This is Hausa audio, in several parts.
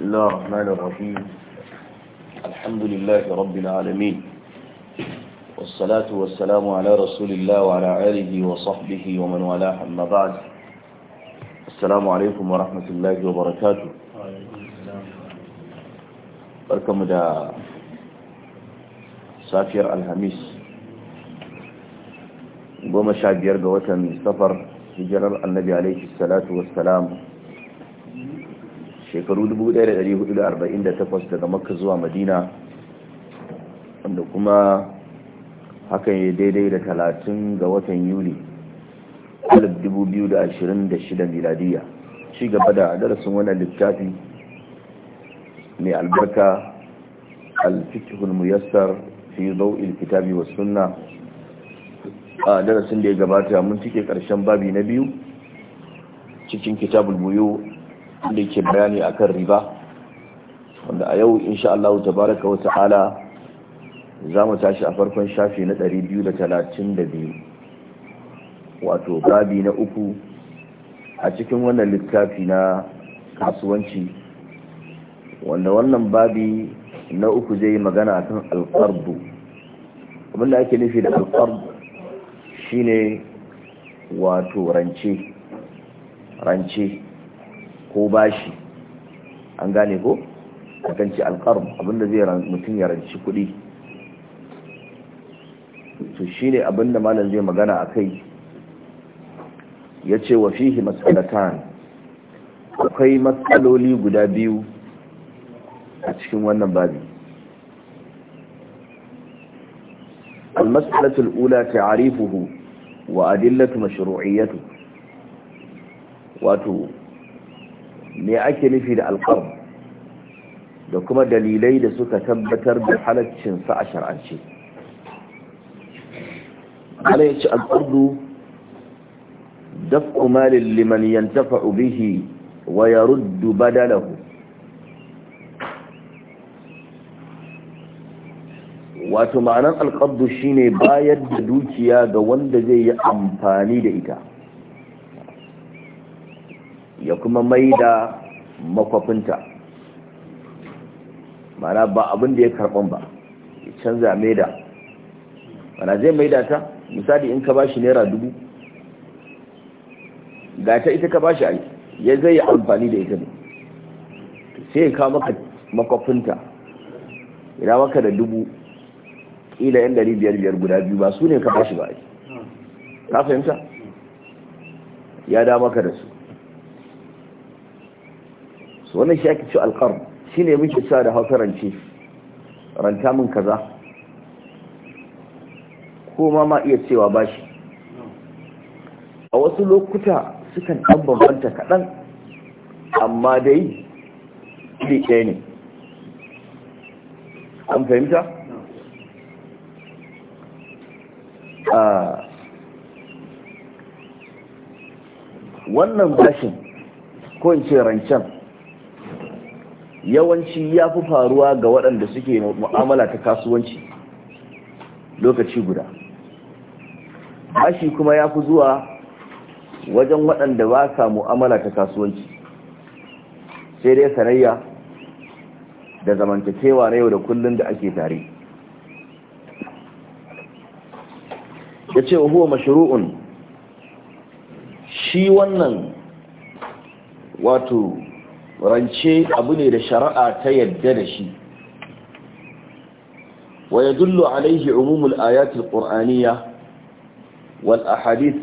بسم الله الرحمن الرحيم الحمد لله رب العالمين والصلاة والسلام على رسول الله وعلى آله وصحبه ومن والاه أما بعد السلام عليكم ورحمة الله وبركاته barkamu da safiyar alhamis goma sha biyar ga watan safar hijirar annabi alaihi salatu wassalam shekaru 1448 daga makka zuwa madina wanda kuma hakan ya daidai da 30 ga watan yuli 2026 miladiya ci gaba da darasin wannan littafi mai albarka alfikihul muyassar fi zau kitabi wa sunna a darasin da ya gabata mun cike karshen babi na biyu cikin kitabul buyu da yake bayani akan riba wanda a yau insha Allah tabaraka wa ta'ala za tashi a farkon shafi na 232 wato babi na uku a cikin wannan littafi na kasuwanci wanda wannan babi na uku zai magana akan alqardu abinda ake nufi da alqard shine wato rance rance ko bashi an gane ko akan ce alƙarm abinda zai mutum ya ranci kuɗi to shi ne abinda malam zai magana a kai ya ce wa fihi matsalatan akwai matsaloli guda biyu a cikin wannan babi المسألة الأولى تعريفه وأدلة مشروعيته wato me ake nufi da alƙarn da kuma dalilai da suka tabbatar da halaccinsa a shar'ance ala ya ci alƙardu daf'u malin liman yantafa'u bihi wa ya ruddu badalahu wato ma'anar alƙardu shine bayar da dukiya ga wanda zai yi amfani da ita ya kuma mai da makwafinta mana ba abin da ya karɓan ba ya canza mai da mana zai mai da ta misali in ka ba shi naira dubu ga ta ita ka ba shi aiki ya zai yi amfani da ita ne sai ya kawo maka makwafinta ina maka da dubu ƙila yan dari biyar biyar guda biyu ba su ne ka ba shi ba aiki ka fahimta ya da maka da su su wannan shi ake cewa alƙar shi ne muke cewa da hausa rance ranta min kaza ko ma ma iya cewa bashi a wasu lokuta sukan ɗan bambanta kaɗan amma dai iri ɗaya ne an fahimta? wannan bashin ko in ce rancen yawanci ya fi faruwa ga waɗanda suke mu'amala ta kasuwanci lokaci guda bashi kuma ya fi zuwa wajen waɗanda ba sa mu'amala ta kasuwanci sai dai sanayya da zamantakewa na yau da kullum da ake tare ya ce huwa mashuru'un shi wannan wato rance abu ne da shari'a ta yadda da shi wa yadullu alaihi umumul ayatul qur'aniyya wal ahadith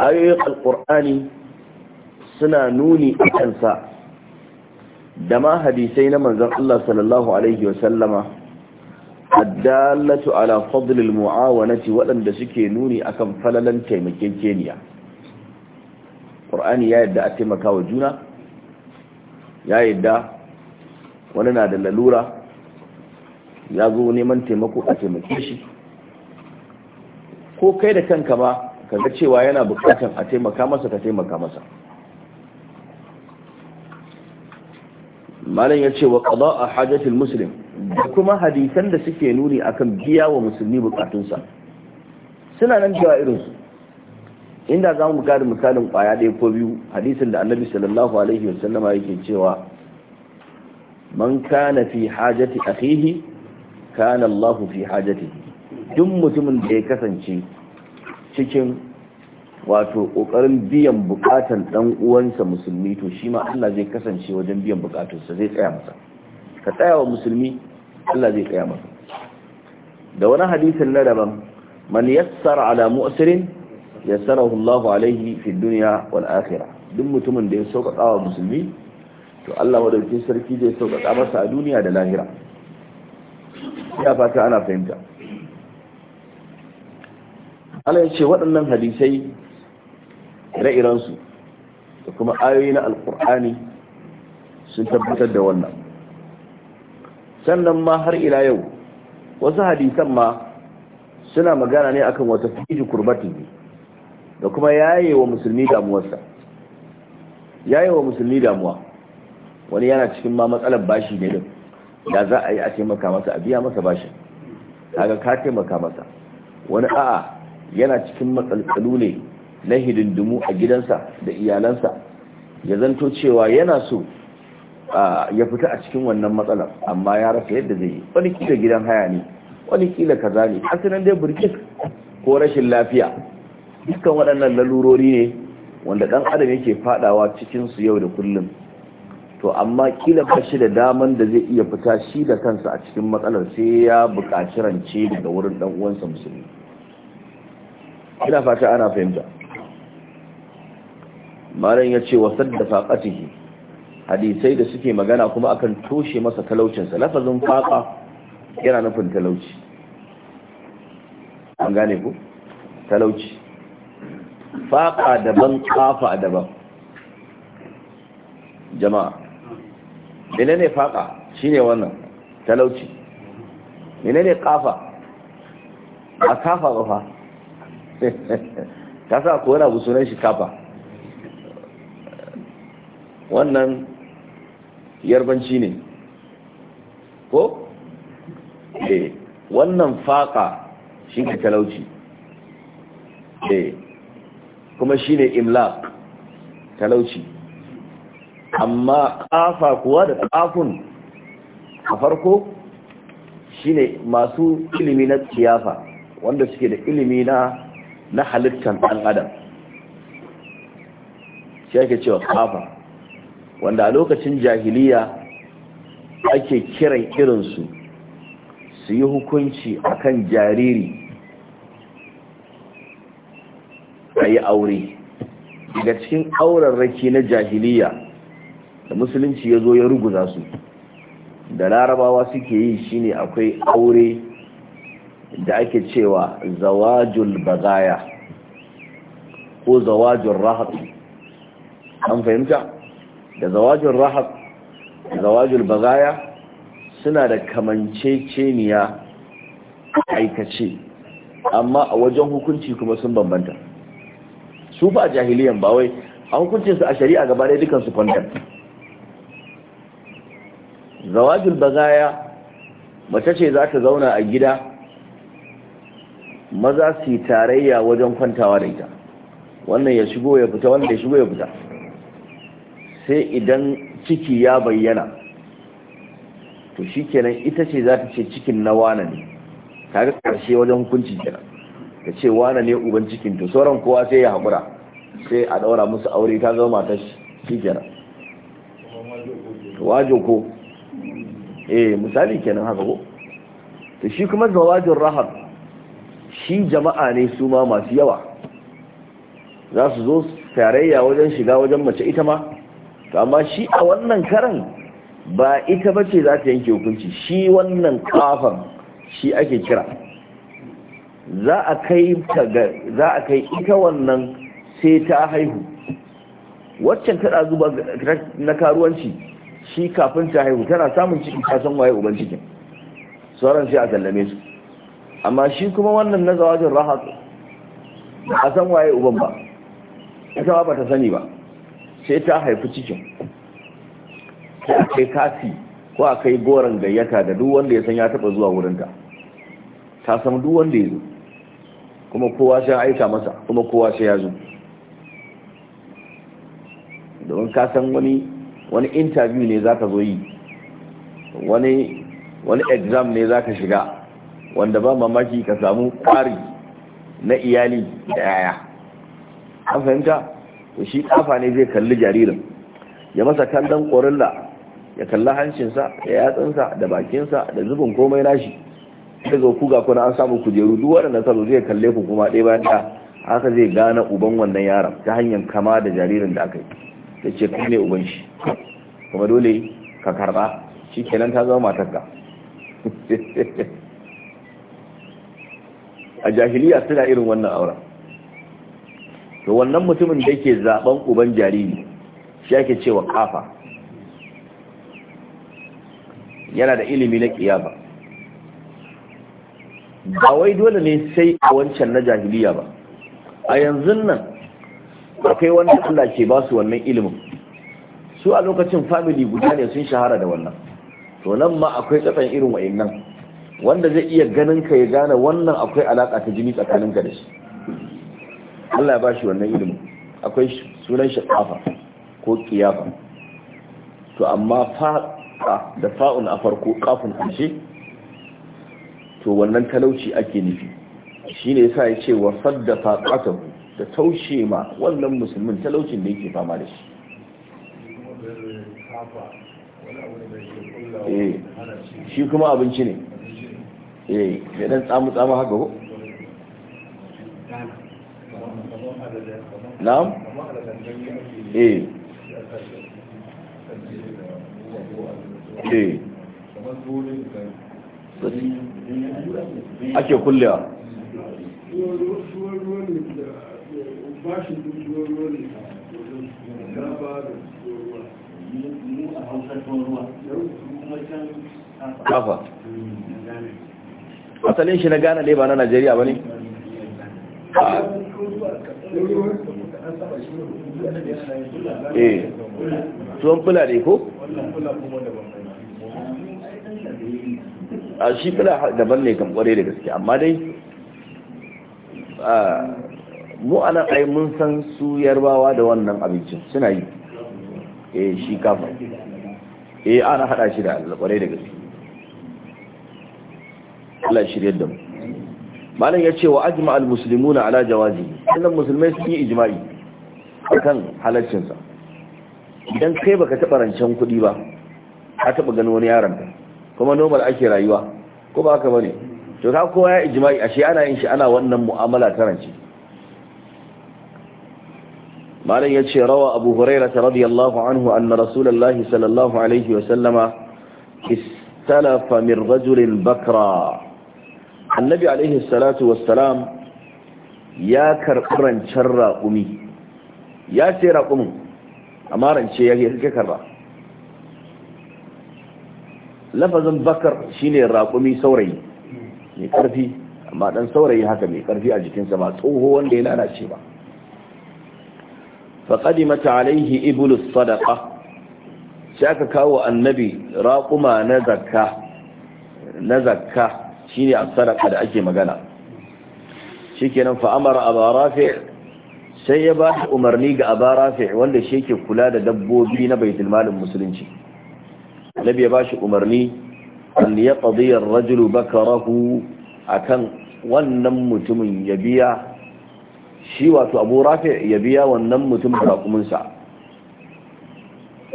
ayoyin alqur'ani suna nuni a kansa da ma hadisai na manzon Allah sallallahu alaihi wa sallama addallatu ala fadlil muawanati waɗanda suke nuni akan falalan taimakekeniya ƙur'ani ya yadda a taimaka wa juna ya yadda wani na da lalura ya zo neman taimako a taimake shi ko kai da kanka ma kaga cewa yana bukatar a taimaka masa ka taimaka masa malam ya ce wa qada a hajatul muslim da kuma hadisan da suke nuni akan biya wa musulmi bukatunsa suna nan cewa irinsu inda za mu kare misalin kwaya ɗaya ko biyu hadisin da annabi sallallahu alaihi wasallama yake cewa man kana fi hajati akhihi kana Allah fi hajati duk mutumin da ya kasance cikin wato kokarin biyan bukatan dan uwansa musulmi to shi ma Allah zai kasance wajen biyan bukatunsa zai tsaya masa ka tsaya wa musulmi Allah zai tsaya masa da wani hadisin na daban man yassara ala mu'sirin yassarahu Allahu alaihi fi dunya wal akhirah duk mutumin da ya sauƙaƙa wa musulmi to Allah madaukakin sarki zai sauƙaƙa masa a duniya da lahira ya fata ana fahimta Allah ya ce waɗannan hadisai ire-irensu da kuma ayoyi na alkur'ani sun tabbatar da wannan sannan ma har ila yau wasu hadisan ma suna magana ne akan wata fiji kurbatin da kuma yaye wa musulmi damuwarsa yaye wa musulmi damuwa wani yana cikin ma matsalar bashi ne din da za a yi a taimaka masa a biya masa bashin kaga ka taimaka masa wani a'a yana cikin matsaltsalu ne na hidindimu a gidansa da iyalansa ya zanto cewa yana so ya fita a cikin wannan matsalar amma ya rasa yadda zai yi wani kila gidan haya ne wani kila kaza ne asinan dai burkis ko rashin lafiya dukkan waɗannan lalurori ne wanda ɗan adam yake faɗawa cikinsu yau da kullum to amma kila ba shi da daman da zai iya fita shi da kansa a cikin matsalar sai ya buƙaci rance daga wurin ɗan uwansa musulmi ina fata ana fahimta malam ya ce wasar da faƙatihi hadisai da suke magana kuma akan toshe masa talaucinsa lafazin faƙa yana nufin talauci an gane ku talauci faƙa daban ƙafa daban jama'a mene ne faƙa shi ne wannan talauci mene ne ƙafa a ba ƙafa ta sa ko yana busunan shi ƙafa. wannan yarbanci ne ko? Eh, wannan faƙa shi ne talauci eh, kuma shi ne imlaq talauci amma kafa kuwa da kafun a farko shi ne masu ilimi na tiyafa wanda suke da ilimi na na halittar ɗan adam shi ake cewa kafa wanda a lokacin jahiliya ake kiran irinsu su yi hukunci akan jariri a yi aure daga cikin aurarraki na jahiliya da musulunci ya zo ya ruguza su da larabawa suke yi shine akwai aure da ake cewa zawajul bagaya ko zawajul rahab an fahimta da zawajul rahab zawajul bagaya suna da kamanceceniya aikace amma a wajen hukunci kuma sun bambanta su ba a jahiliyan ba wai a hukuncin su a shari'a gaba ɗaya dukan su kwandam zawajul bazaya mace ce za ta zauna a gida maza su yi tarayya wajen kwantawa da ita wannan ya shigo ya fita wannan ya shigo ya fita sai idan ciki ya bayyana to shi kenan ita ce za ta ce cikin na wane ne ta ga karshe wajen hukunci kenan ta ce wane ne uban cikin to sauran kowa sai ya haƙura sai a ɗaura musu aure ta zama ta shi wajo ko eh misali kenan haka ko to shi kuma zawajin rahab shi jama'a ne su ma masu yawa za su zo tarayya wajen shiga wajen mace ita ma to amma shi a wannan karan ba ita bace za ta yanke hukunci shi wannan kafan shi ake kira za a kai ita wannan sai ta haihu waccan tana zuba na karuwanci shi kafin ta haihu tana samun ciki ta san waye uban cikin sauran sai a sallame su amma shi kuma wannan na zawajin rahat ba a san waye uban ba ita ba ta sani ba sai ta haifi cikin ko a kai kati ko a kai goron gayyata da duk wanda ya san ya taba zuwa wurinta ta san duk wanda ya zo kuma kowa sai aika masa kuma kowa sai ya zo domin kasan san wani wani interview ne za ka zo yi wani wani exam ne za ka shiga wanda ba mamaki ka samu kwari na iyali da yaya an fahimta to shi ƙafa ne zai kalli jaririn ya masa kallon korilla ya kalla hancinsa da yatsunsa da bakinsa da zubin komai nashi sai zo kuga kuna an samu kujeru duk wadanda salo zai kalle ku kuma ɗaya bayan ɗaya haka zai gane uban wannan yaron ta hanyar kama da jaririn da aka yi ta ce kai ne uban shi kuma dole ka karba shi kenan ta zama matarka a jahiliya suna irin wannan auren to wannan mutumin da yake zaben uban jariri shi yake cewa kafa yana da ilimi na kiyama ba wai dole ne sai a wancan na jahiliya ba a yanzu nan akwai wanda Allah ke ba su wannan ilimin su a lokacin famili guda ne sun shahara da wannan to nan ma akwai tsatsan irin wayannan wanda zai iya ganin ka ya gane wannan akwai alaka ta jini tsakanin ka da shi Allah ya ba shi wannan ilimin akwai sunan shi kafa ko kiyafa to amma fa da fa'un a farko kafin ƙarshe to wannan talauci ake nufi shi ne sa ya ce wa sadda faƙatahu da taushe ma wannan musulmin talaucin da yake fama da shi eh, shi kuma abinci ne ya eh, dan tsamu tsamu haka ko na'am eh eh ake kullewa bashi shi ruwa ne da ba da ruwa mu a hausar turuwa kuma can kafa asalin shi na gane dai ba na najeriya ba ne eh tuwon fula ne ko? a shi fula daban ne kan da gaske amma dai ah, mu ana ai mun san su yarbawa da wannan abincin suna yi eh shi kafa eh ana hada shi da kware da gaske Allah shirya da mu malam ya ce wa ajma al muslimuna ala jawazi sannan musulmai sun yi ijma'i akan halaccin sa idan kai baka taba rancen kuɗi ba ka taba gani wani yaron ka kuma normal ake rayuwa ko ba haka bane to ka kowa ya ijma'i ashe ana yin shi ana wannan mu'amala ta rance malam ya ce rawa abu huraira ta radiyallahu anhu anna rasulullahi sallallahu alaihi wasallama istalafa min rajulin bakra annabi alaihi salatu wassalam ya karɓi rancen raƙumi ya ce raƙumin amma rance ya ke karɓa lafazin bakar shi ne raƙumi saurayi mai ƙarfi amma ɗan saurayi haka mai ƙarfi a jikinsa ba tsoho wanda ya lalace ba faƙadimat alaihi ibulus sadaka shi aka kawo annabi raƙuma na zakka na zakka shine as-sadaqa da ake magana shikenan fa amara aba sai ya ba umarni ga aba wanda shi yake kula da dabbobi na baitul malin musulunci annabi ya bashi umarni an yaqdi ar-rajulu bakarahu akan wannan mutumin ya biya shi wato abu rafi ya biya wannan mutum raƙuminsa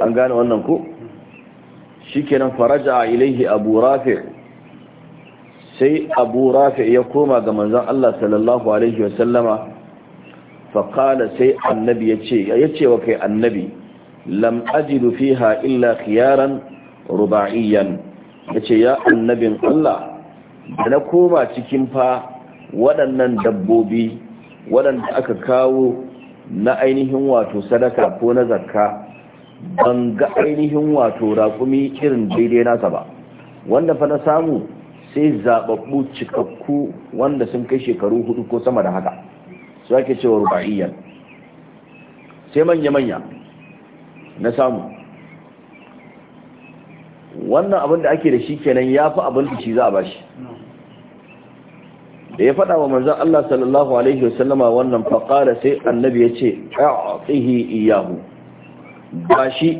an gane wannan ku shi kenan faraja a ilaihi abu rafi sai abu rafi ya koma ga manzan Allah sallallahu alaihi wasallama faƙala sai annabi ya ce wa kai annabi lam ajidu fiha illa khiyaran ruba'iyyan ya ce ya annabin Allah da na koma cikin fa waɗannan dabbobi waɗanda aka kawo na ainihin wato sadaka ko na zakka ban ga ainihin wato raƙumi irin daidai nasa ba wanda fa na samu sai zaɓaɓɓu cikakku wanda sun kai shekaru hudu ko sama da haka su ake cewa ruba'iyyar sai manya-manya na samu wannan abin da ake da shi kenan ya fi abin da shi za a bashi da ya faɗa wa manzan Allah sallallahu Alaihi wasallama wannan faƙara sai annabi ya ce ƙa'afihi iyahu ba shi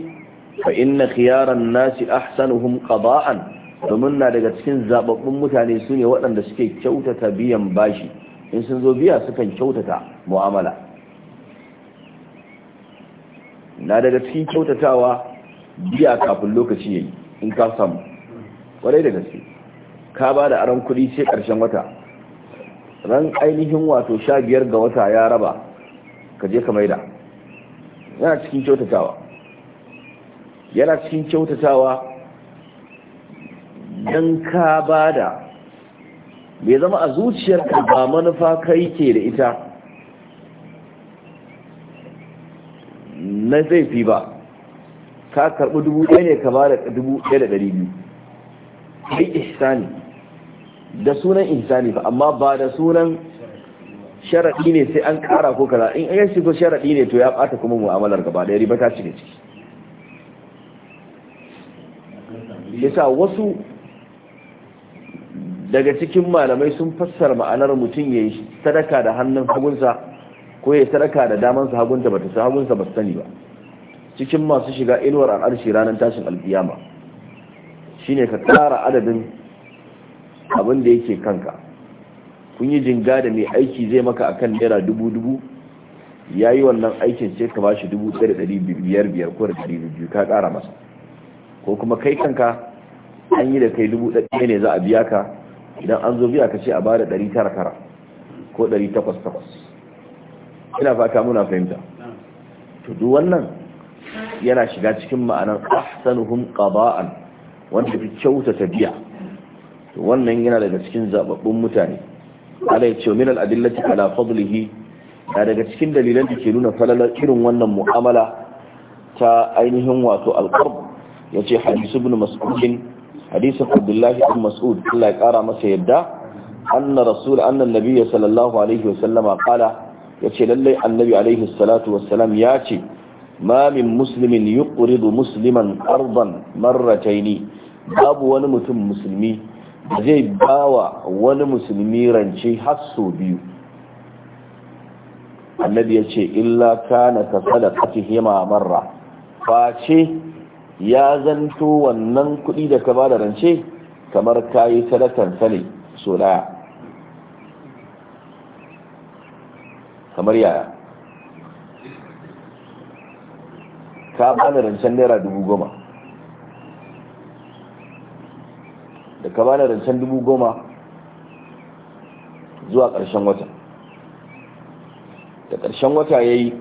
fa inna khiyaran nasi ahsanuhum qada'an domin na daga cikin zababbun mutane su ne waɗanda suke kyautata biyan bashi in sun zo biya sukan kyautata mu'amala na daga cikin kyautatawa biya kafin lokaci yayi in ka samu kwarai da gaske ka ba da aron kuɗi sai ƙarshen wata ran ainihin wato sha biyar ga wata ya raba ka je ka maida yana cikin kyautatawa yana cikin kyautatawa don ka ba da mai zama a zuciyarka ba manufa kai ke da ita na zai fi ba ka karɓi dubu ɗaya ne ka ba da dubu ɗaya da ɗari biyu kai ihsani da sunan insani ba amma ba da sunan sharaɗi ne sai an ƙara ko kaza in an shigo sharaɗi ne to ya ɓata kuma mu'amalar gaba da riba ta ne ciki yasa wasu daga cikin malamai sun fassara ma'anar mutum ya yi sadaka da hannun hagunsa ko ya sadaka da damansa hagunta bata sa hagunsa ba sani ba cikin masu shiga inuwar al'arshi ranar tashin alkiyama shine ka ƙara adadin abin da yake kanka kun yi jinga da mai aiki zai maka akan naira dubu dubu ya yi wannan aikin ce ka bashi dubu ɗaya da ɗari biyar biyar ko da ɗari biyu ka ƙara masa ko kuma kai kanka an yi da kai dubu ɗaya ne za a biya ka idan an zo biya ka ce a bada ɗari tara tara ko ɗari takwas takwas ina fata muna fahimta to duk wannan yana shiga cikin ma'anar ahsanuhum qada'an wanda fi kyautata biya wannan yana daga cikin zababbun mutane ala ya ce min al-adillati ala fadlihi Na daga cikin dalilan da ke nuna falalar irin wannan mu'amala ta ainihin wato al Ya ce hadith bin mas'ud hadith abdullah ibn mas'ud Allah ya kara masa yadda anna rasul anna nabiy sallallahu alaihi wa sallama Ya ce lallai annabi alaihi salatu wassalam ya ce ma min muslimin yuqridu musliman qardan marrataini babu wani mutum musulmi zai bawa wani musulmi rance har sau biyu annabi ya ce illa kana ka sadaqati hima marra face ya zanto wannan kudi da ka bada rance kamar kayi sadakan sani so daya kamar yaya ka bani rancen naira dubu goma da ka bani rancen dubu goma zuwa ƙarshen wata da ƙarshen wata ya yi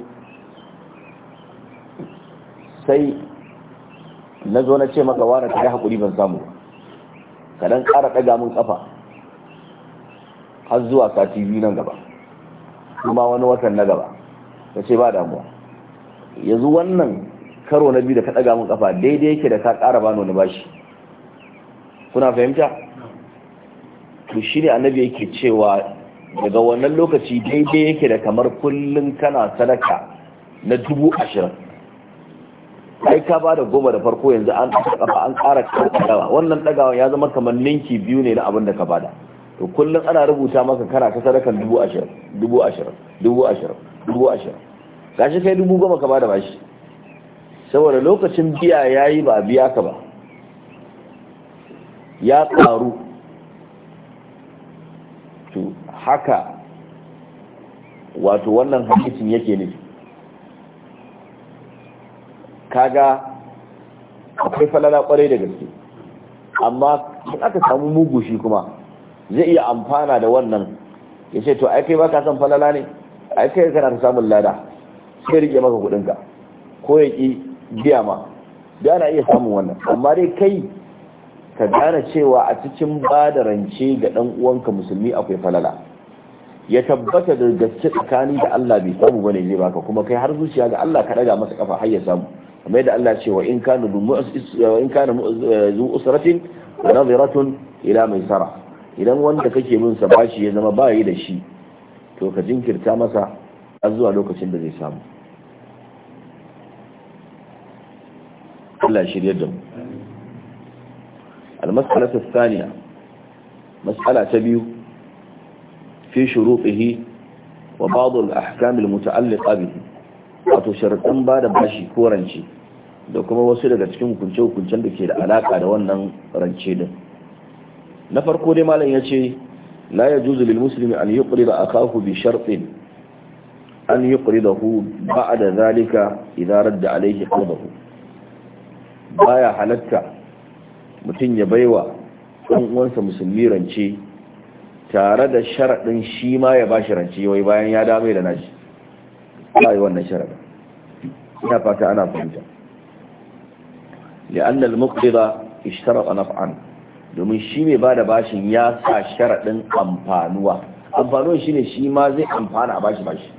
sai na zo na ce maka wane ta yi haƙuri ban samu ka dan ƙara ɗaga min ƙafa har zuwa sati biyu nan gaba kuma wani watan na gaba ka ce ba damuwa yanzu wannan karo na biyu da ka ɗaga min ƙafa daidai yake da ka ƙara bano na bashi kuna fahimta to shi ne annabi yake cewa daga wannan lokaci daidai yake da kamar kullum kana sadaka na dubu ashirin ai ka ba da goma da farko yanzu an kafa an ƙara ɗagawa wannan ɗagawa ya zama kamar ninki biyu ne na abin da ka bada to kullum ana rubuta maka kana ta sadakan dubu ashirin dubu ashirin dubu ashirin dubu ashirin gashi kai dubu goma ka bada bashi saboda lokacin biya ya yi ba biya ka ba ya tsaru to haka wato wannan hakikin yake ne kaga akwai falala kwarai da gaske amma in aka samu mugu shi kuma zai iya amfana da wannan ya ce to ai kai baka san falala ne ai kai kana samun lada sai rike maka kudinka ko ya ki biya ma da ana iya samun wannan amma dai kai ka gane cewa a cikin ba da rance ga ɗan uwanka musulmi akwai falala ya tabbata da gaske tsakani da Allah bai samu bane zai baka kuma kai har zuciya ga Allah ka daga masa kafa har ya samu kamar da Allah cewa in kana dumu in kana eh, zu usratin wa nadhiratun ila sara idan wanda kake minsa sa bashi ya zama bayi da shi to ka jinkirta masa har zuwa lokacin da zai samu Allah shirye da mu المسألة الثانية مسألة تبيو في شروطه وبعض الأحكام المتعلقة به wato sharaɗin ba da bashi ko rance da kuma wasu daga cikin hukunce-hukuncen da ke da alaƙa da wannan rance din na farko dai malam ya ce la ya juzu lil muslimi an yi ƙuri da akahu bi sharɗin an yi ƙuri da hu ba da zalika idarar da alaihi ƙarfahu baya halatta mutum ya baiwa ɗan uwansa musulmi rance tare da sharaɗin shi ma ya bashi rance wai bayan ya dame da nashi ba yi wannan sharaɗin ina fata ana fahimta li'anna al-muqrida a naf'an domin shi mai bada bashin ya sa sharaɗin amfanuwa amfanuwa shine shi ma zai amfana a bashi bashi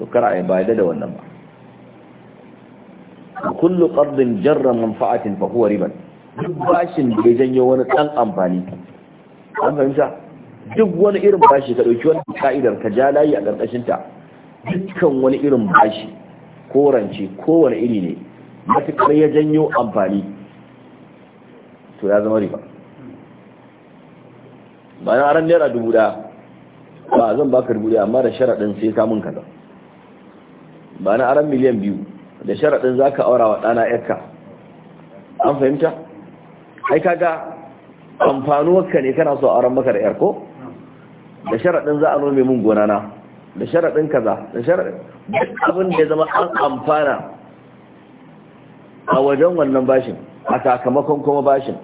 to kar a yi ba da wannan ba kullu qardin jarra manfa'atin fa ribar duk bashin da ya janyo wani ɗan amfani an fahimta duk wani irin bashi ka ɗauki wani ka'idar ka ja layi a ƙarƙashinta dukkan wani irin bashi ko rance ko wani iri ne matuƙar ya janyo amfani to ya zama riba ba na ran naira dubu ɗaya ba zan baka dubu ɗaya amma da sharaɗin sai ka mun kaza ba na aran miliyan biyu da sharaɗin za ka aura wa ɗana yarka an fahimta ai kaga amfanuwarka ne kana so ran maka da yarko? da sharaɗin za a nome mun gonana da sharaɗin kaza da sharaɗin abin da ya zama an amfana a wajen wannan bashin a sakamakon kuma bashin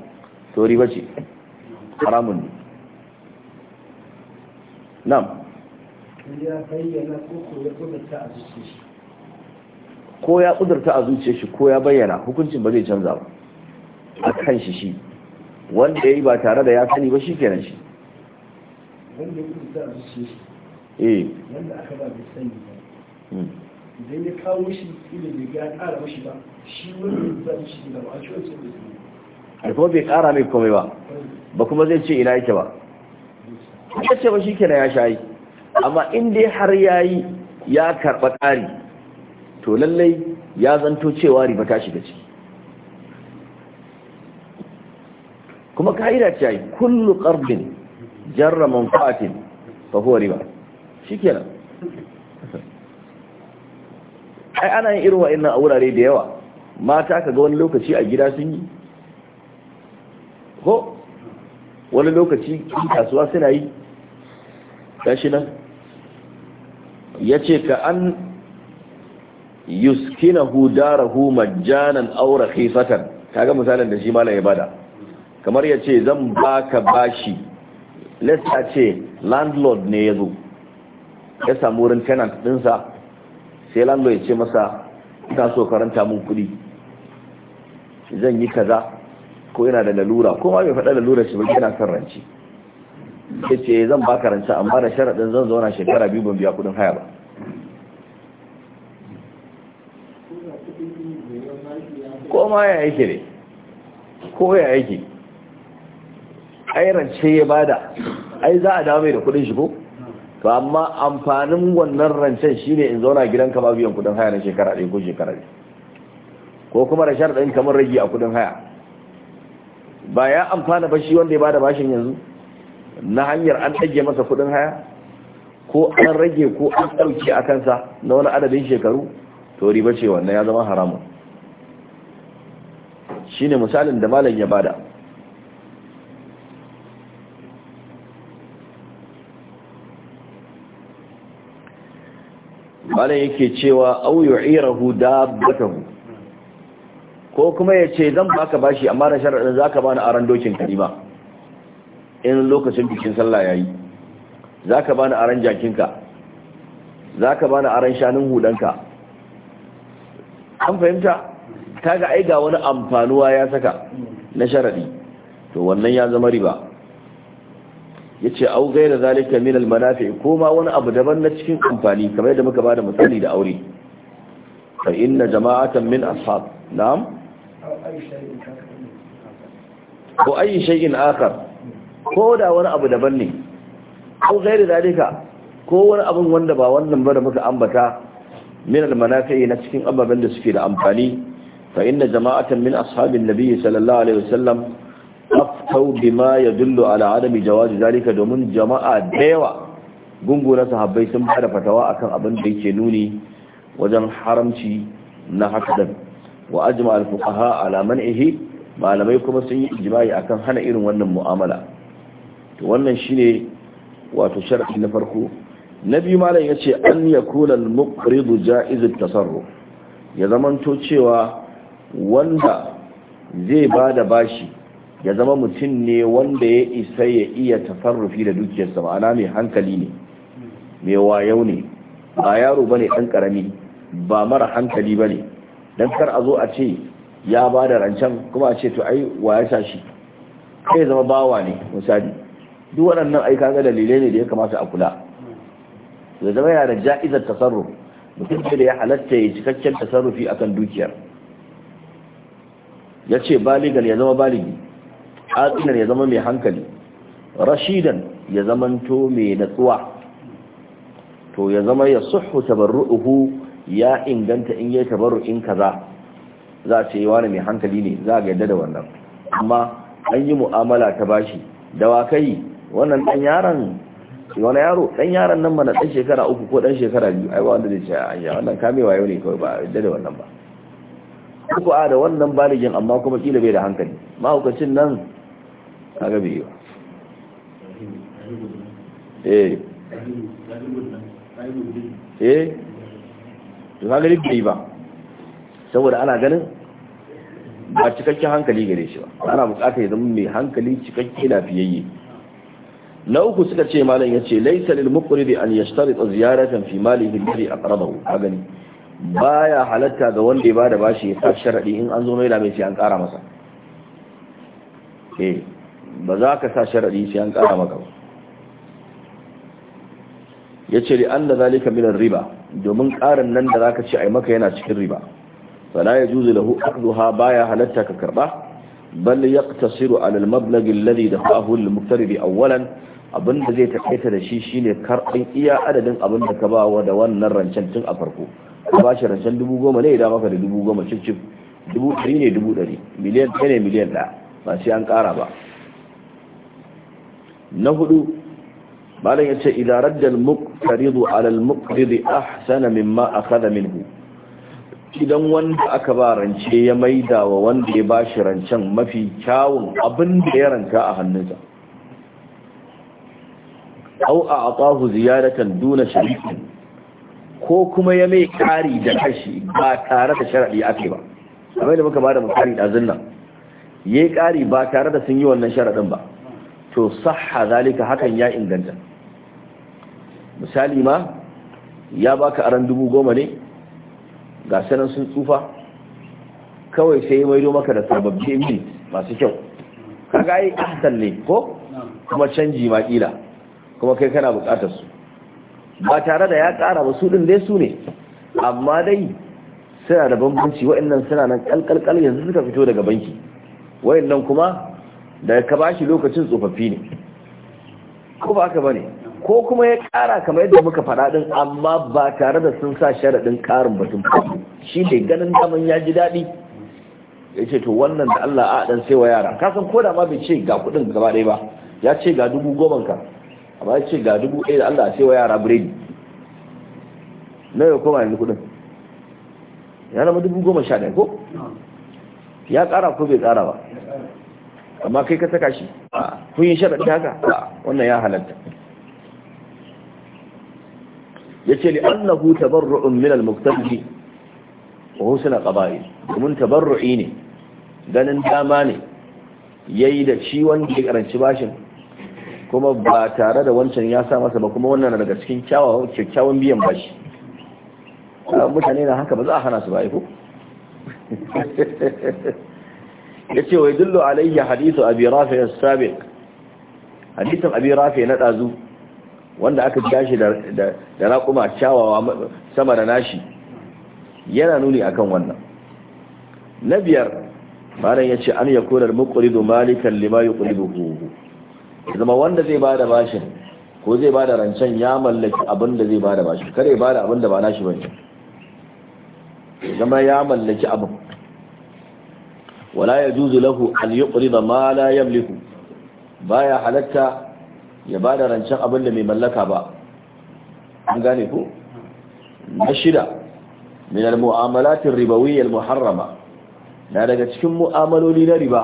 to riba ce haramun ne nam ko ya kudurta a zuciya shi ko ya bayyana hukuncin ba zai canza ba a kan shi shi wanda ya yi ba tare da ya sani ba shi kenan shi wanda ya kuta shi eh. wanda aka ba bai sani hmm. kawo shi ba shi shi da ba a bai mai komai hmm. ba kuma zai ce ina yake ba ya ce ba shi kenan ya shayi amma in har ya yi ya karɓa ƙari to lallai ya zanto cewa riba ta shiga ciki kuma ka'ida ce ai kullu qardin jarra manfa'atin fa huwa riba shikenan ai ana yin irin wa'annan a wurare da yawa mata ka ga wani lokaci a gida sun yi ko wani lokaci kasuwa suna yi gashi nan yace ka an yuskinahu darahu majjanan aw rakhifatan kaga misalin da shi malam ya bada kamar ya ce zan baka bashi let's ce landlord ne ya zo ya samu wurin tenant dinsa sai landlord ya ce masa ina so karanta mun kuɗi zan yi kaza ko yana da lalura ko ma bai faɗa lalura shi ba yana son ranci ya ce zan ka ranci amma da sharaɗin zan zauna shekara biyu ban biya kuɗin haya ba ko ma ya yake ne ko ya yake ai rance ya bada ai za a dawo mai da kudin shi ko to amma amfanin wannan rancen shine in zauna gidanka ba biyan kudin haya na shekara ɗaya ko shekara ɗaya ko kuma da ɗin kamar rage a kudin haya ba ya amfana ba shi wanda ya bada bashin yanzu na hanyar an ɗage masa kudin haya ko an rage ko an ɗauke a kansa na wani adadin shekaru to riba ce wannan ya zama haramun shine misalin da malam ya bada malam yake cewa au yu'irahu dabbatahu ko kuma yace zan baka bashi amma da sharaɗin zaka bani aran dokin ba in lokacin bikin sallah yayi zaka bani aran jakinka zaka bani aran shanun hudanka an fahimta kaga ai ga wani amfanuwa ya saka na sharaɗi to wannan ya zama riba Ya ce au gaira zalika min al manafi ko ma wani abu daban na cikin amfani kamar yadda muka bada misali da aure fa inna jama'atan min ashab na'am ko ayi shay'in akhar ko da wani abu daban ne au da zalika ko wani abun wanda ba wannan ba da muka ambata min al manafi na cikin ababen da suke da amfani fa inna jama'atan min ashabin nabi sallallahu alaihi wasallam aftau bima dullo ala adami jawazi zalika domin jama'a da yawa gungu na sahabbai sun bada fatawa akan abin da yake nuni wajen haramci na hakadan wa ajma al fuqaha ala man'ihi malamai kuma sun yi ijma'i akan hana irin wannan mu'amala to wannan shine wato sharadi na farko na biyu malam yace an yakula al muqridu ja'iz al tasarruf ya zamanto cewa wanda zai bada bashi ya zama mutum ne wanda ya isa ya iya tasarrufi da dukiyarsa ma'ana mai hankali ne mai wayo ne ba yaro bane dan karami ba mara hankali bane dan kar a zo a ce ya ba da rancen kuma a ce to ai wa ya sashi kai zama bawa ne misali duk waɗannan ai kaga dalilai ne da ya kamata a kula ya zama yana da ja'izar tasarruf mutum ce da ya halatta ya cikakken tasarrufi akan dukiyar ya ce baligal ya zama baligi aqilan ya zama mai hankali rashidan ya zamanto mai natsuwa to ya zama ya suhu tabarru'uhu ya inganta in yai tabarru'in kaza za a ce eh, wani mai hankali ne za a yadda da wannan amma an yi mu'amala ta bashi da wakai wannan dan yaron wani yaro dan yaron nan mana dan shekara uku ko dan shekara biyu ai wanda zai ce a wannan kamewa yau ne kawai ba yadda da wannan ba uku a da wannan baligin amma kuma kila bai da hankali mahaukacin nan kaga eh. Eh. to ba saboda ana ganin ba cikakken hankali gare shi ba ana bukatar ya zama mai hankali cikakke lafiyayye na uku suka ce malam ya ce laisa lil muqridi an yashtarita ziyaratan fi malihi alladhi aqradahu a gani baya halatta ga wanda ya bada bashi ya sa sharadi in an zo mai da mai sai an kara masa eh ba za ka sa sharadi sai an kara maka ba ya yace li da zalika milar riba domin karin nan da za zaka ci a maka yana cikin riba ya yajuzu lahu akhdhuha baya halatta ka karba bal siru alal al ladi da dafahu al bi awwalan abinda zai takaita da shi shine karɓin iya adadin abin da ka ba wa da wannan rancen tun a farko ka ba shi rancen dubu goma ne idan maka da dubu goma cif cif dubu ɗari ne dubu ɗari miliyan ɗaya ne miliyan ɗaya ba sai an ƙara ba na hudu malam ya ce radda al-muqridu alal al-muqridi ahsana mimma akhadha minhu idan wanda aka ba rance ya maida wa wanda ya bashi rancen mafi kyawun abin da ya ranka a hannunsa a a'tahu ziyadatan duna sharikin ko kuma ya mai kari da kashi ba tare da sharaɗi ake ba kamar da muka da misali dazun nan yayi kari ba tare da sun yi wannan sharaɗin ba to sahha zalika hakan ya inganta misali ma ya baka aran dubu goma ne ga sanan sun tsufa kawai sai ya maido maka da sababbi mil masu kyau kaga yi ahsan ne ko kuma canji ma kila kuma kai kana bukatar su ba tare da ya kara ba su din dai su ne amma dai suna da bambanci wa'annan suna nan kalkalkal yanzu suka fito daga banki wa'annan kuma da ka bashi lokacin tsofaffi ne ko ba haka bane ko kuma ya kara kamar yadda muka faɗa din amma ba tare da sun sa sharaɗin ƙarin batun fadi shi ne ganin daman ya ji daɗi ya ce to wannan da Allah a dan sai wa yara ka san ko da ma bai ce ga kuɗin gaba ɗaya ba ya ce ga dubu goban ka amma ya ce ga dubu ɗaya da Allah sai wa yara biredi na yau koma yanzu kuɗin ya nama dubu goma sha ɗaya ko ya ƙara ko bai ƙara ba amma kai ka saka shi kun yi sharaɗi haka wannan ya halatta ya ce li'annahu tabarru'un min al-muktabbi wa husna qaba'i domin tabarru'i ne ganin dama ne yayi da shi wanda ya karanci bashin kuma ba tare da wancan ya sa masa ba kuma wannan daga cikin kyakkyawan biyan bashi mutane na haka ba za a hana su ba aiko yace wa yadullu alayhi hadithu abi rafi as-sabiq hadithu abi rafi na dazu wanda aka tashi da da raquma chawawa sama da nashi yana nuni akan wannan na biyar malam yace an yakuna al-muqridu malikan lima yuqribuhu zama wanda zai bada bashin ko zai bada rancen ya mallaki abin da zai bada bashin kare bada abinda da ba nashi bane zama ya mallaki abin wala yajuzu lahu an yuqrida ma la yamliku baya halatta ya bada rancen abin mai mallaka ba an gane ku na shida min al-mu'amalat ar-ribawiyyah al-muharrama na daga cikin mu'amaloli na riba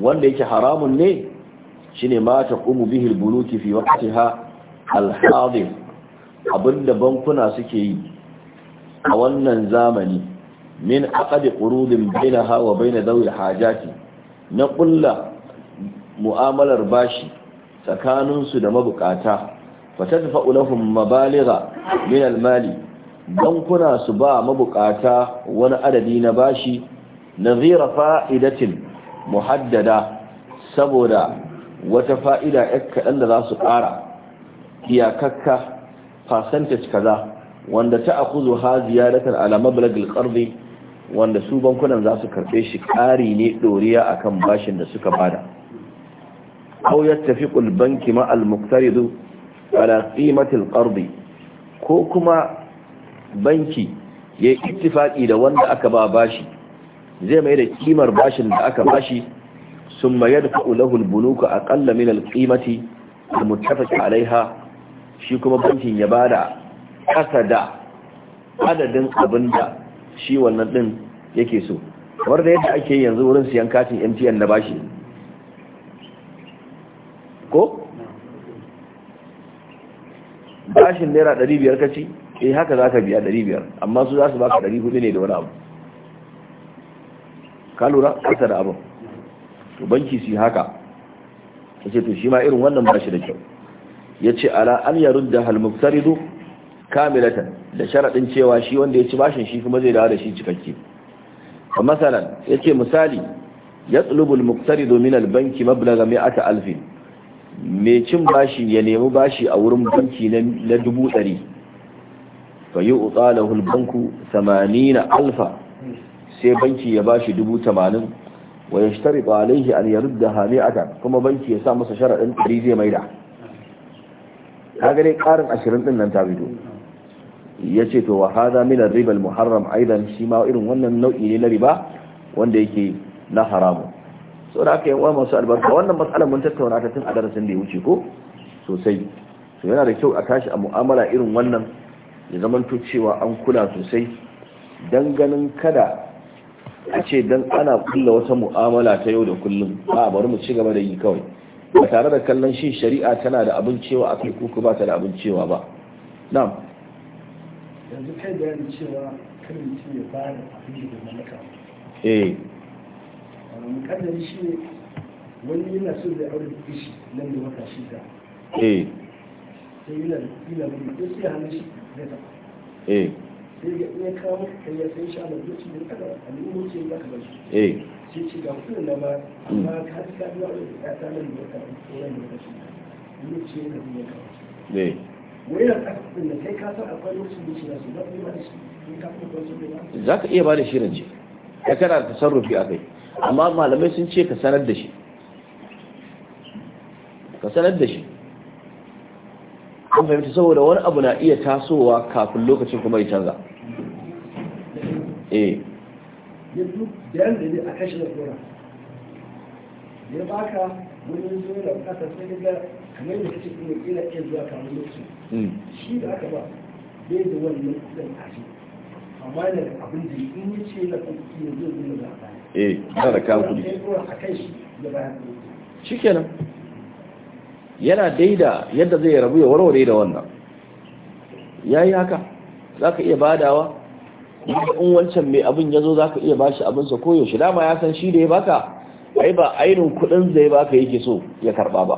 wanda yake haramun ne shine ma taqumu bihil al-buluki fi waqtiha al-hadir abinda bankuna suke yi a wannan zamani min aqdi qurudin bainaha wa baina dawi hajati na kulla mu'amalar bashi tsakanin su da mabukata fatadfa lahum mabaligha min almali bankuna su ba mabukata wani adadi na bashi nazira fa'idatin muhaddada saboda wata fa'ida ya kaɗan da za su ƙara iyakakka percentage kaza wanda ta akuzu ha ziyaratar alamar balagil ƙarfi wanda su bankunan za su karɓe shi ƙari ne ɗoriya akan bashin da suka bada au ya tafi ƙulbanki ma'al muktaridu ala ƙimatil ƙardi ko kuma banki ya yi ittifaƙi da wanda aka ba bashi zai mai da ƙimar bashin da aka bashi sun mayar da fa'ulahul bunuka a ƙalla min alƙimati da alaiha shi kuma bankin ya bada ƙasa da adadin abin da shi wannan din yake so kamar da yadda ake yanzu wurin siyan katin MTN na bashi ko bashin naira 500 ci? eh haka za ka biya 500 amma su za su baka 400 ne da wani abu ka lura kasa da abin to banki su haka ya ce to shi ma irin wannan bashi da kyau ya ce ala an yarudda da halmuftaridu kamilatan da sharaɗin cewa shi wanda ya ci bashin shi kuma zai dawo da shi cikakke fa masalan yace misali yatlubu al-muqtaridu min al-banki mablaga mi'ata alfin mai cin bashi ya nemi bashi a wurin banki na dubu ɗari fa yi utsalahu banku na alfa sai banki ya bashi dubu tamanin wa ya shtari alaihi an ya rudda hami'ata kuma banki ya sa masa sharaɗin ɗari zai maida ka gare ƙarin ashirin ɗin nan ta fito ya ce to wa hada min riba muharram aidan shi ma irin wannan nau'i ne na riba wanda yake na haramu so da aka yi wa masu albarka wannan matsalar mun tattauna ta tun a darasin da ya wuce ko sosai so yana da kyau a tashi a mu'amala irin wannan ya zamanto cewa an kula sosai dan ganin kada a ce dan ana kulla wata mu'amala ta yau da kullum a bari mu ci gaba da yi kawai ba tare da kallon shi shari'a tana da abin cewa akai kuku ba ta da abin cewa ba na'am yanzu kai bayani cewa kan mutum ya ba da abin da bai eh shi ne wani yana so zai aure da shi nan da wata shida eh sai yana da ko sai hannun shi zai ta eh sai ga in kawo kai ya san sha a lokacin da kada al'umma ce ya ka shi eh sai ce ga kuɗin da ba amma ka ka biya wani da ta nan da wata ko nan da wata shida ne ce ne ka biya za ka iya ba da shirin ce ya kana da tasarrufi a kai amma malamai sun ce ka sanar da shi ka sanar da shi an fahimta saboda wani abu na iya tasowa kafin lokacin kuma ya canza eh yanzu a kashe ya baka wani zuwa da kasa sai ga kamar da kake kuma kila iya zuwa kamar lokacin mm. shi da aka ba bai da wannan kudin kashi amma da abin da in ya ce na kuɗi ne zuwa zuwa da eh na da kan kuɗi shi kenan yana daida yadda zai rabu ya warware da wannan ya yi haka za ka iya badawa in wancan mai abin ya zo za ka iya bashi abinsa koyaushe dama ya san shi da ya baka ai ba ainihin kudin zai baka yake so ya karba ba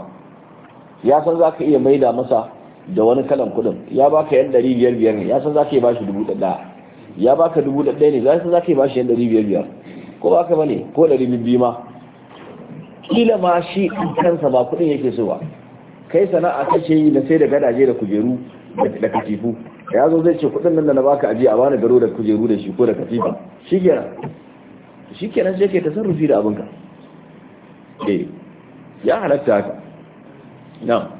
ya san za ka iya maida masa da wani kalan kudin ya baka yan ɗari biyar biyar ne ya san za ka yi ba dubu ɗaya ya baka dubu 1000 ne za san za ka ba shi yan ɗari biyar biyar ko ba ka bane ko ɗari biyu ma kila ma shi kansa ba kudin yake so ba kai sana'a kace yi na sai da gadaje da kujeru da katifu ya zo zai ce kudin nan da na baka ajiye a bani garo da kujeru da shi ko da katifa shikenan shikenan sai ke tasarrufi da abinka eh ya halatta haka na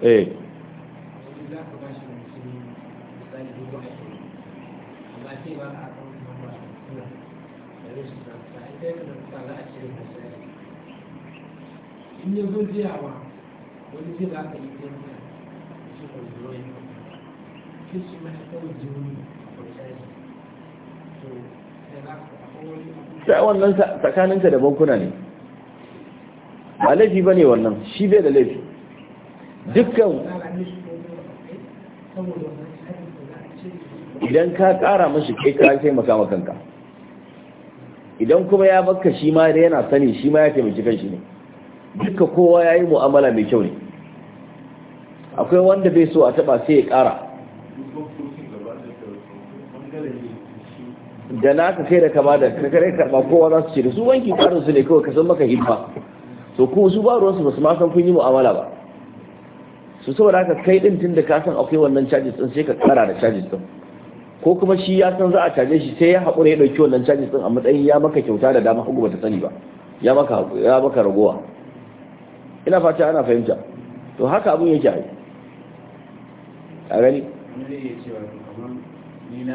eh in yanzu jiyawa wani yi zuwa yi ta kawai a sai wannan tsakaninka da bankuna ne ba laifi ba ne wannan shi bai da laifi dukkan idan ka kara mashi kai kara taimaka ma kanka idan kuma ya baka shi ma da yana sani shi ma ya taimaki kanshi ne duka kowa ya yi mu'amala mai kyau ne akwai wanda bai so a taba sai ya kara da na ka kai da kama da ka kare karba kowa za su ce da su wanki karin su ne kawai ka san maka hidima to ku su ba ruwansu ba su ma san kun yi mu'amala ba su saboda haka kai din tun da ka san akwai wannan charges din sai ka kara da charges din ko kuma shi ya san za a caje shi sai ya haƙura ya ɗauki wannan charges din a matsayin ya maka kyauta da dama hagu bata sani ba ya maka ya maka ragowa ina fata ana fahimta to haka abun yake a gani ni na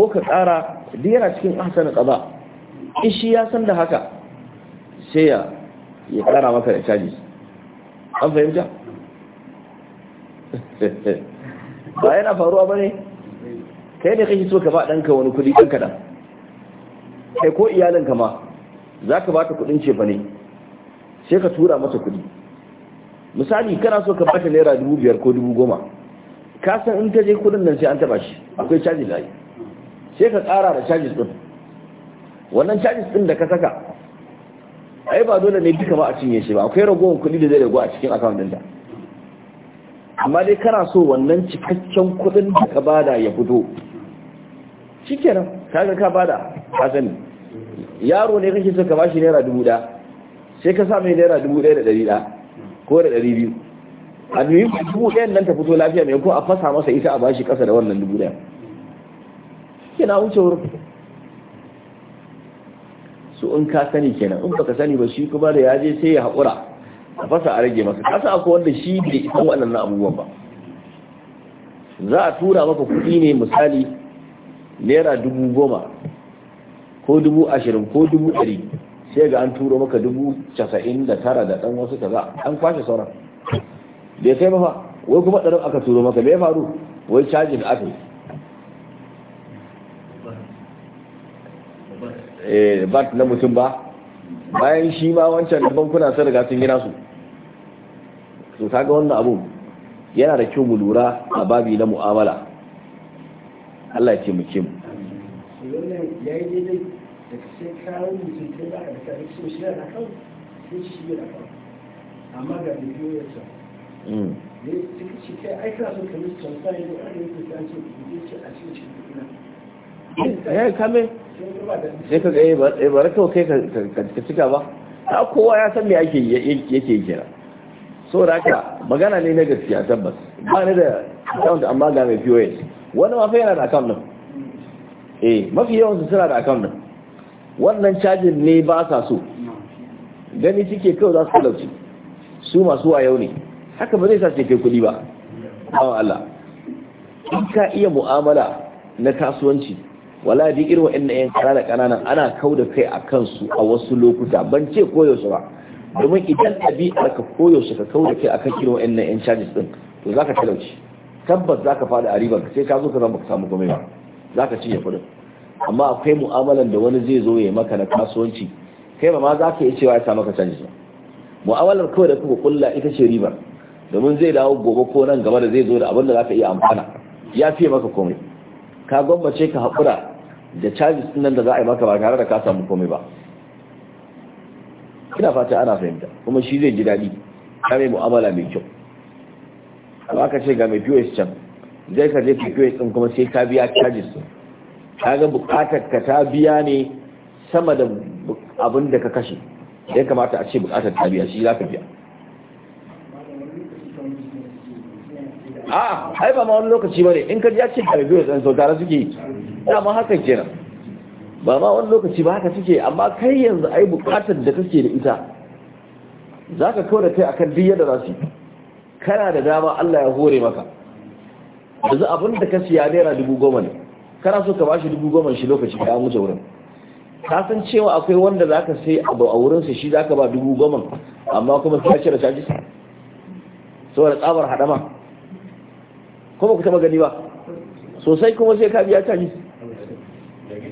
ko ka ƙara da yana cikin ahsanin ƙaba. in shi ya san da haka sai ya ya ƙara maka da caji an fahimta ba yana faruwa ba ne kai ne shi so ka ba ɗanka wani kudi ɗan kaɗan kai ko iyalinka ma za ka ba ta kuɗin ce ba ne sai ka tura masa kuɗi misali kana so ka ba ta naira dubu biyar ko dubu goma ka san in ta je kuɗin nan sai an taba shi akwai caji layi sai ka tsara da charges din wannan charges din da ka saka ai ba dole ne duka ba a cinye shi ba akwai ragowar kuɗi da zai rago a cikin account ɗinta amma dai kana so wannan cikakken kuɗin da ka bada ya fito shikenan kaga ka bada ka sani yaro ne kake so ka bashi naira dubu ɗaya sai ka sa mai naira dubu ɗaya da ɗari ɗaya ko da ɗari biyu a dubu ɗayan nan ta fito lafiya mai ko a fasa masa ita a bashi ƙasa da wannan dubu ɗaya kina wuce wurin su in ka sani kenan in baka sani ba shi kuma da ya je sai ya haƙura a fasa a rage masa kasa akwai wanda shi bai isa wannan abubuwan ba za a tura maka kuɗi ne misali naira dubu goma ko dubu ashirin ko dubu ɗari sai ga an turo maka dubu casa'in da tara da ɗan wasu kaza an kwashe sauran da ya kai mafa wai kuma ɗarin aka turo maka me faru wai cajin aka yi Eh, bat na mutum ba bayan shi ma wancan da bankuna sun riga sun gina su to kaga wannan abu yana da kyau mu lura a babi na mu'amala Allah ya ce mu ce mu amma ga ya ce ne mm. kai aika sun kamar canza ce a cikin cikin ya eh, kame sai ka ga eh, bara eh, kawai kai ka cika ba a kowa ya san me ake yake kira so raka magana ne na gaskiya tabbas ba ni da account amma ga mai POS wani mafi yana da account din eh mafi yawansu suna da account din wannan cajin ne ba sa so gani suke kawai za su talauci su masu yau ne haka ba zai sa kai kuɗi ba bawan Allah in ka iya mu'amala na kasuwanci wala duk irin wa'annan yan kanana kananan ana kau da kai a kansu a wasu lokuta ban ce koyaushe ba domin idan ɗabi'ar ka koyaushe ka kau da kai akan irin wa'annan yan charges din to zaka talauci tabbas zaka fada a ribar sai ka zo ka zama ka samu komai ba zaka cinye kuɗin amma akwai mu'amalan da wani zai zo ya maka na kasuwanci kai ba ma za ka yi cewa ya samu ka canji ba mu'amalar kawai da kuka kulla ita ce ribar domin zai dawo gobe ko nan gaba da zai zo da abin da za ka iya amfana ya fiye maka komai ka gwammace ka haƙura da charges din nan da za a yi maka ba tare da ka samu komai ba ina fata ana fahimta kuma shi zai ji daɗi kare mu'amala mai kyau amma aka ce ga mai POS can zai ka je POS din kuma sai ka biya charges din kaga bukatar ka ta biya ne sama da abin da ka kashe ya kamata a ce bukatar ta biya shi za ka biya a haifa ma wani lokaci ne in ka ji ya ce ka biyo san so tare suke dama haka kenan ba ma wani lokaci ba haka suke amma kai yanzu ai bukatar da kake da ita za ka kawo da kai akan diyar da za su kana da dama Allah ya hore maka yanzu abin da ka siya naira dubu goma ne kana so ka ba shi dubu goma shi lokaci ka mutu wurin ka san cewa akwai wanda za ka sai abu a wurinsa shi za ka ba dubu goma amma kuma sai ce da saboda tsabar hadama kuma ku taba gani ba sosai kuma sai ka biya caji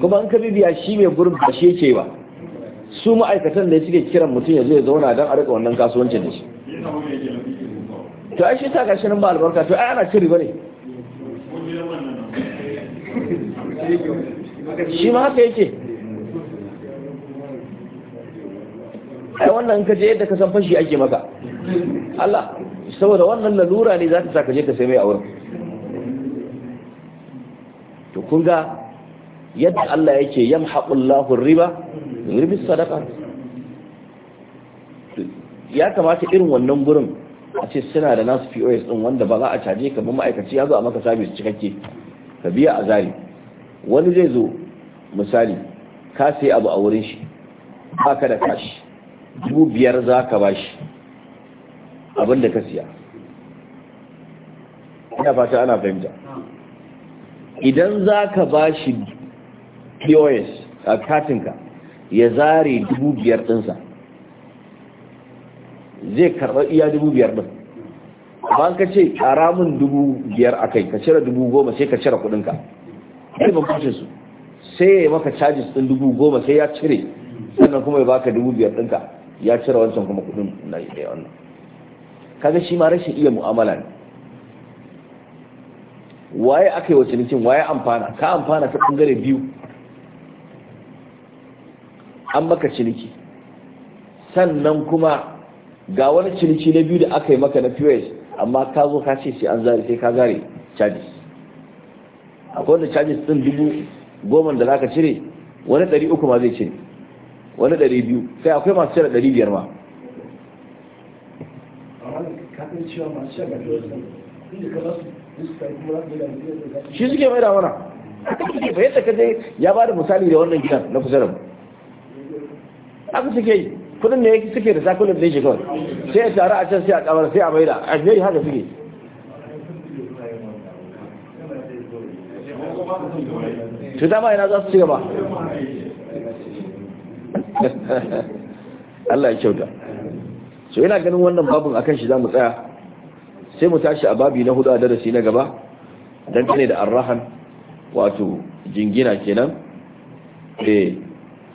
kuma an ka bibiya shi mai gurin ba shi yake ba su ma'aikatan da suke kiran mutum ya zai zauna don a rika wannan kasuwancin da shi to ai shi ta gashi nan ba albarka to ai ana cin riba ne shi ma haka yake ai wannan ka je yadda ka san fashi ake maka Allah saboda wannan lalura ne za ta sa ka je ka sai mai a wurin to kun ga yadda Allah yake yamhaqullahu riba yurbi sadaka. ya kamata irin wannan gurin a ce suna da nasu POS din wanda ba za a caje ka ba ma'aikaci ya zo a maka sabis cikakke ka biya a zari wani zai zo misali ka sai abu a wurin shi ka da kashi dubu biyar za ka bashi da ka siya ina fata ana fahimta idan za ka bashi pos a katinka ya zare dubu biyar ɗinsa zai karɓar iya dubu biyar ɗin ba ka ce ƙara min dubu biyar a kai ka cire dubu goma sai ka cire kuɗinka sai ban kushe su sai ya yi maka cajis ɗin dubu goma sai ya cire sannan kuma ya baka dubu biyar ɗinka ya cire wancan kuma kuɗin na yi ɗaya wannan kaga shi ma rashin iya mu'amala ne waye aka yi wacce nufin waye amfana ka amfana ta ɓangare biyu an maka ciniki sannan kuma ga wani ciniki na biyu da aka yi maka na POS amma ka zo ka ce sai an zare sai ka zare charges akwai wanda charges din dubu goma da zaka cire wani ɗari uku ma zai cire wani ɗari biyu sai akwai masu cire ɗari biyar ma shi suke mai da mana ya ba da misali da wannan gidan na kusa da mu haka suke yi kudin da yake suke da sakunan da shi kawai sai ya tara a can sai a kamar sai a maida a fiye haka suke su dama yana za su ci gaba Allah ya kyauta so yana ganin wannan babin akan shi za mu tsaya sai mu tashi a babi na hudu a darasi na gaba don kane da arrahan wato jingina kenan eh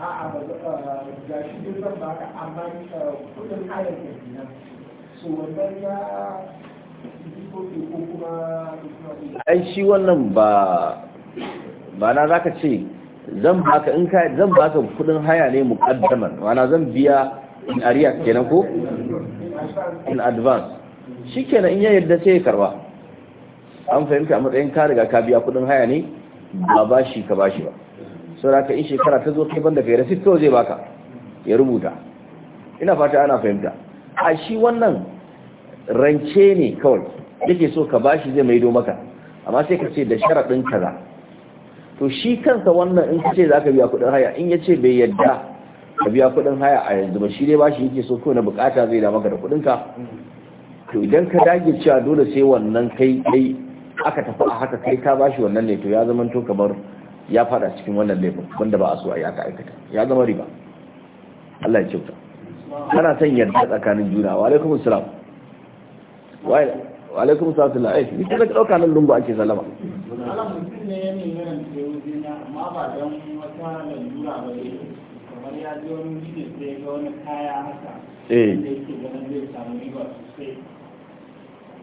a'a ba ga shi dukkan ba ka amma eh, kudin kayan da so wannan ya ai shi wannan ba ba na zaka ce zan baka in ka zan baka kudin haya ne muqaddaman wana zan biya in ariya kenan ko in advance shikenan in ya yarda sai ya karba an fahimta a matsayin ka riga ka biya kudin haya ne ba bashi ka bashi ba sau ka in shekara ta zo kai banda kai rasit kawai zai baka ya rubuta ina fata ana fahimta a shi wannan rance ne kawai yake so ka bashi zai maido maka amma sai ka ce da sharaɗin kaza to shi kansa wannan in ka ce za ka biya kuɗin haya in ya ce bai yadda ka biya kuɗin haya a yanzu ba shi dai bashi yake so kawai na bukata zai da ka da ka to idan ka dage cewa dole sai wannan kai kai aka tafi a haka kai ka bashi wannan ne to ya zama to kamar ya fada cikin wannan laifin wanda ba a so a yi aka aikata ya zama riba Allah ya kyauta kana son yadda tsakanin juna wa alaikum assalam wa alaikum assalam sallallahu ni kuma dauka nan lungu ake sallama eh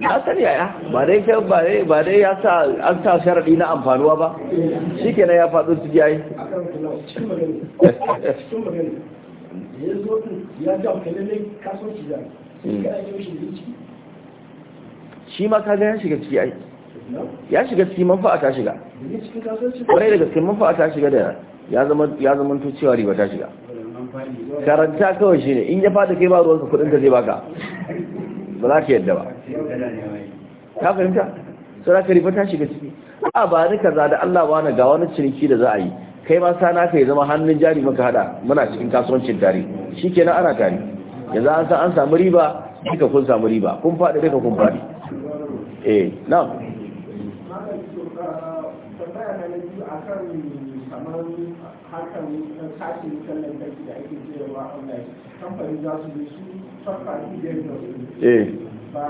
na sani yaya ba dai ba dai ba dai ya sa an sa sharadi na amfanuwa ba shikenan ya faɗo su yayi shi ma ka ya shiga ciki ai ya shiga ciki a ta shiga wani daga cikin manfa a ta shiga da ya zama ya zama to cewa riba ta shiga karanta kawai shine in ya fata kai ba ruwanka kudin ka zai baka ba za ka yadda ba ka fahimta sai za ka riba ta shiga ciki a ba ni kaza da Allah ba na ga wani ciniki da za a yi kai ma sa na kai zama hannun jari muka hada muna cikin kasuwancin tare shikenan ana tare yanzu an san an samu riba duka kun samu riba kun fadi duka kun fadi eh na'am eh ba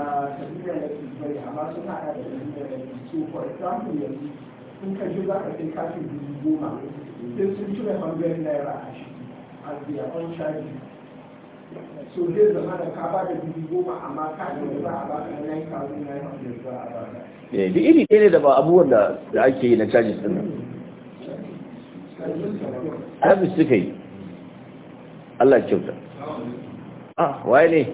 da su bari amma sun da da for example yanzu ka ka kai kafin dubu goma sai sun cire naira a shi as they are on charge so zai zama da ka ba dubu goma amma da za a ba ka nine thousand nine hundred za a ba ka. Eh, da ba abubuwan da ake yi na charges ɗin nan. Sabis suka yi. Allah kyauta. Ah, waye ne?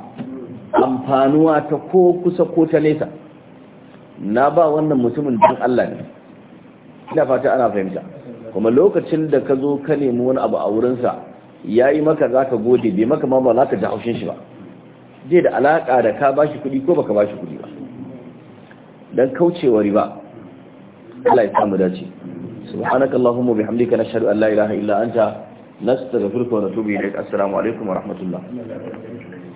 amfanuwa ta ko kusa ko ta nesa na ba wannan mutumin don Allah ne ina fata ana fahimta kuma lokacin da ka zo ka nemi wani abu a wurinsa ya yi maka za ka gode bai maka ma ba za ka ji haushin shi ba zai da alaƙa da ka ba shi kuɗi ko baka ba shi kuɗi ba don kaucewa riba Allah ya samu dace subhanaka allahumma bihamdika nashhadu an la ilaha illa anta nastaghfiruka wa natubu ilaik assalamu alaikum wa rahmatullah